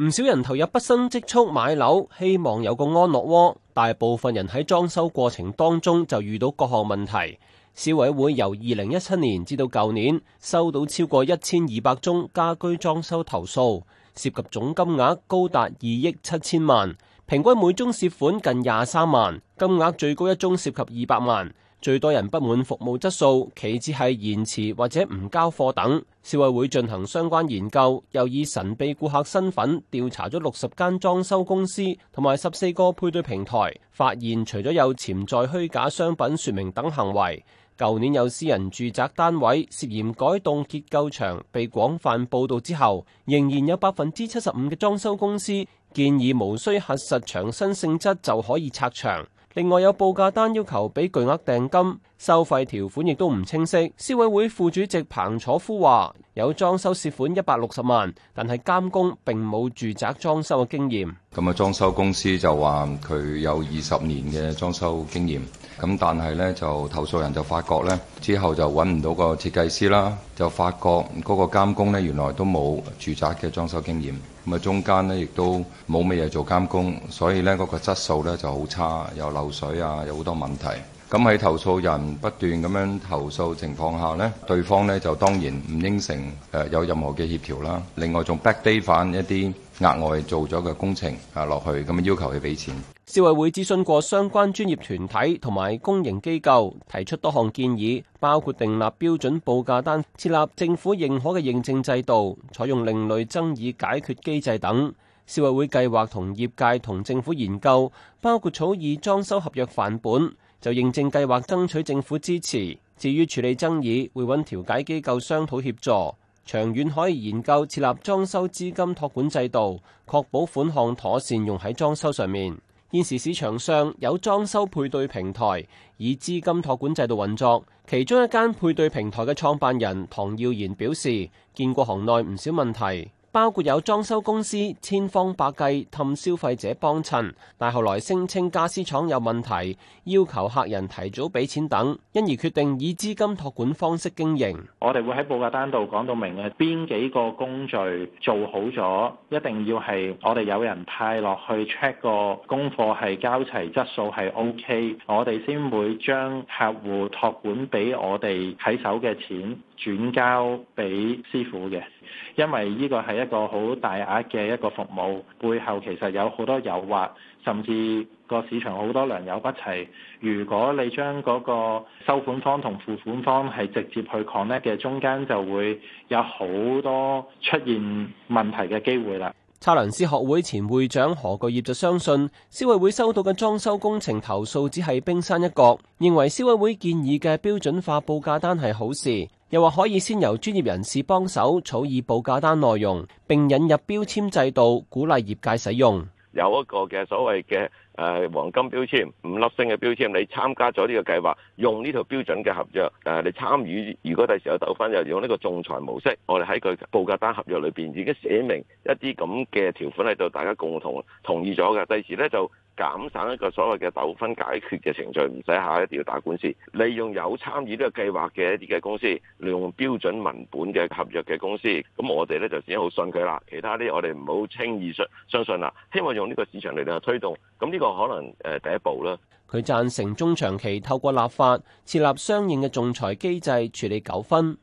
唔少人投入畢生積蓄買樓，希望有個安樂窩，大部分人喺裝修過程當中就遇到各項問題。消委會由二零一七年至到舊年，收到超過一千二百宗家居裝修投訴，涉及總金額高達二億七千萬，平均每宗涉款近廿三萬，金額最高一宗涉及二百萬。最多人不滿服務質素，其次係延遲或者唔交貨等。消委會進行相關研究，又以神秘顧客身份調查咗六十間裝修公司同埋十四個配對平台，發現除咗有潛在虛假商品說明等行為，舊年有私人住宅單位涉嫌改動結構牆被廣泛報道之後，仍然有百分之七十五嘅裝修公司建議無需核實牆身性質就可以拆牆。另外有報價單要求畀巨額訂金。收費條款亦都唔清晰，消委會副主席彭楚夫話：有裝修涉款一百六十萬，但係監工並冇住宅裝修嘅經驗。咁啊，裝修公司就話佢有二十年嘅裝修經驗，咁但係呢，就投訴人就發覺呢，之後就揾唔到個設計師啦，就發覺嗰個監工呢，原來都冇住宅嘅裝修經驗。咁啊，中間呢，亦都冇咩嘢做監工，所以呢，嗰個質素呢就好差，有漏水啊，有好多問題。咁喺投訴人不斷咁樣投訴情況下呢，對方呢，就當然唔應承誒，有任何嘅協調啦。另外仲 backdate 返一啲額外做咗嘅工程啊落去，咁樣要求佢俾錢。消委會諮詢過相關專業團體同埋公營機構，提出多項建議，包括訂立標準報價單、設立政府認可嘅認證制度、採用另類爭議解決機制等。消委會計劃同業界同政府研究，包括草擬裝修合約範本，就認證計劃爭取政府支持。至於處理爭議會揾調解機構商討協助。長遠可以研究設立裝修資金託管制度，確保款項妥善用喺裝修上面。現時市場上有裝修配對平台，以資金託管制度運作。其中一間配對平台嘅創辦人唐耀賢表示，見過行內唔少問題。包括有裝修公司千方百計氹消費者幫襯，但後來聲稱家私廠有問題，要求客人提早俾錢等，因而決定以資金托管方式經營。 我哋會喺報價單度講到明嘅邊幾個工序做好咗，一定要係我哋有人派落去 check 個功課係交齊，質素係 OK，我哋先會將客戶托管俾我哋喺手嘅錢轉交俾師傅嘅。因為呢個係一個好大額嘅一個服務，背後其實有好多誘惑，甚至個市場好多良莠不齊。如果你將嗰個收款方同付款方係直接去 connect 嘅，中間就會有好多出現問題嘅機會啦。測量師學會前會長何巨業就相信，消委會收到嘅裝修工程投訴只係冰山一角，認為消委會建議嘅標準化報價單係好事。又話可以先由專業人士幫手草擬報價單內容，並引入標籤制度，鼓勵業界使用。有一個嘅所謂嘅誒黃金標籤、五粒星嘅標籤，你參加咗呢個計劃，用呢套標準嘅合約誒，你參與，如果第時有糾紛，又用呢個仲裁模式，我哋喺佢報價單合約裏邊已經寫明一啲咁嘅條款喺度，大家共同同意咗嘅。第時咧就。減省一個所謂嘅糾紛解決嘅程序，唔使下一定要打官司。利用有參與呢個計劃嘅一啲嘅公司，利用標準文本嘅合約嘅公司，咁我哋咧就先好信佢啦。其他啲我哋唔好輕易信相信啦。希望用呢個市場力量推動，咁呢個可能誒第一步啦。佢贊成中長期透過立法設立相應嘅仲裁機制處理糾紛。